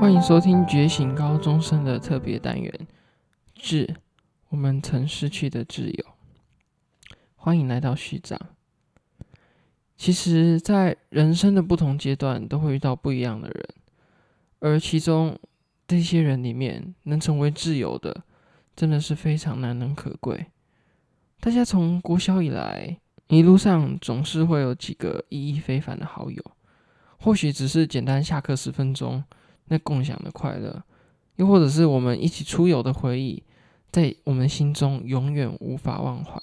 歡迎收聽《覺醒高中生》的特別單元《致我們曾失去的摯友》。歡迎來到序章。其實，在人生的不同階段，都會遇到不一樣的人，而其中這些人裡面，能成為摯友的，真的是非常難能可貴。大家從國小以來，一路上總是會有幾個意義非凡的好友，或許只是簡單下課十分鐘。那共享的快樂，又或者是我們一起出遊的回憶，在我們心中永遠無法忘懷。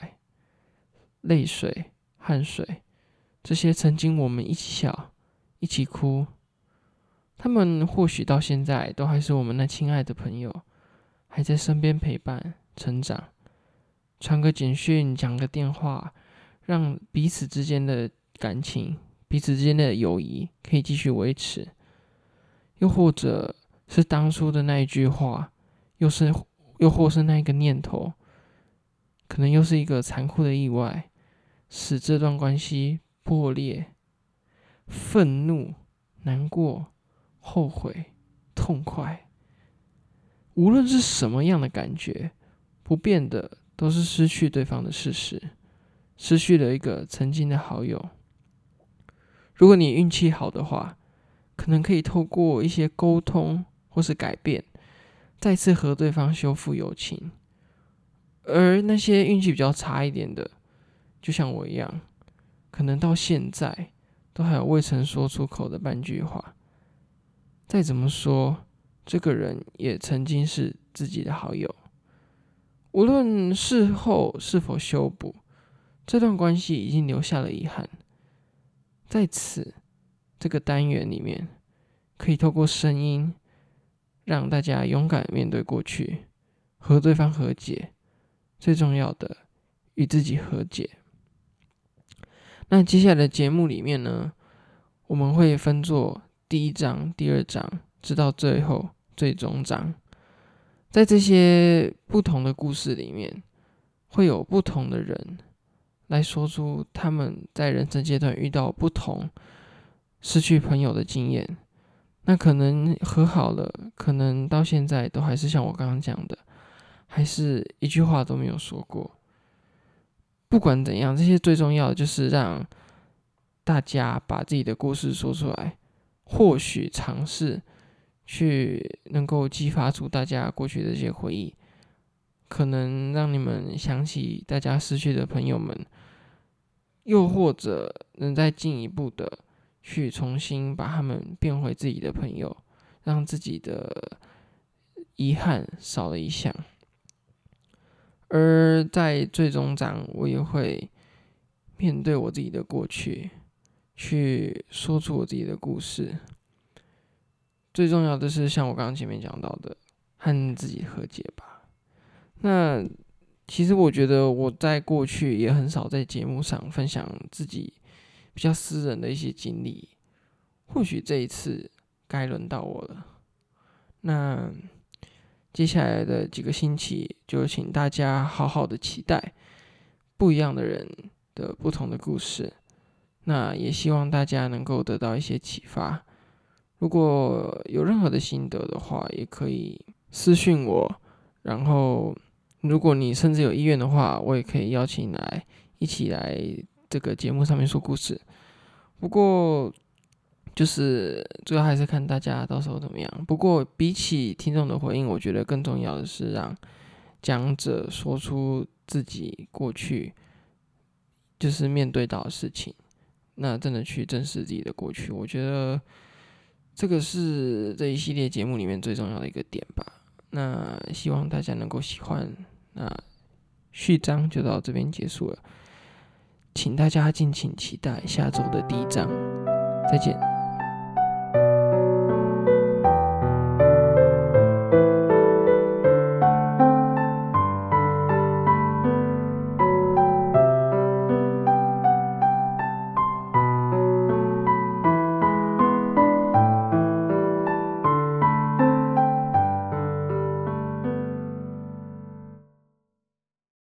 淚水、汗水，這些曾經我們一起笑、一起哭，他們或許到現在都還是我們那親愛的朋友，還在身邊陪伴成長。傳個簡訊，講個電話，讓彼此之間的感情、彼此之間的友誼可以繼續維持。又或者是當初的那一句話，又是又或是那一個念頭，可能又是一個殘酷的意外，使這段關係破裂。憤怒、難過、後悔、痛快，無論是什麼樣的感覺，不變的都是失去對方的事實，失去了一個曾經的好友。如果你運氣好的話。能可以透過一些溝通或是改變，再次和對方修復友情；而那些運氣比較差一點的，就像我一樣，可能到現在都還有未曾說出口的半句話。再怎麼說，這個人也曾經是自己的好友，無論事後是否修補，這段關係已經留下了遺憾。在此，這個單元裡面，可以透過聲音，讓大家勇敢面對過去，和對方和解，最重要的，與自己和解。那接下來的節目裡面呢，我們會分作第一章、第二章，直到最後最終章。在這些不同的故事裡面，會有不同的人來說出他們在人生階段遇到不同失去朋友的經驗。那可能和好了，可能到現在都還是像我剛剛講的，還是一句話都沒有說過。不管怎樣，這些最重要的就是讓大家把自己的故事說出來，或許嘗試去能夠激發出大家過去的這些回憶，可能讓你們想起大家失去的朋友們，又或者能再進一步的。去重新把他們變回自己的朋友，讓自己的遺憾少了一項。而在最終章，我也會面對我自己的過去，去說出我自己的故事。最重要的是，像我剛剛前面講到的，和自己和解吧。那其實我覺得我在過去也很少在節目上分享自己。比較私人的一些經歷，或許這一次該輪到我了。那接下來的幾個星期，就請大家好好的期待不一樣的人的不同的故事。那也希望大家能夠得到一些啟發。如果有任何的心得的話，也可以私訊我。然後，如果你甚至有意願的話，我也可以邀請你來一起來。這個節目上面說故事，不過就是主要還是看大家到時候怎麼樣。不過比起聽眾的回應，我覺得更重要的是讓講者說出自己過去就是面對到的事情，那真的去正視自己的過去。我覺得這個是這一系列節目裡面最重要的一個點吧。那希望大家能夠喜歡。那序章就到這邊結束了。請大家敬請期待下周的第一章，再見。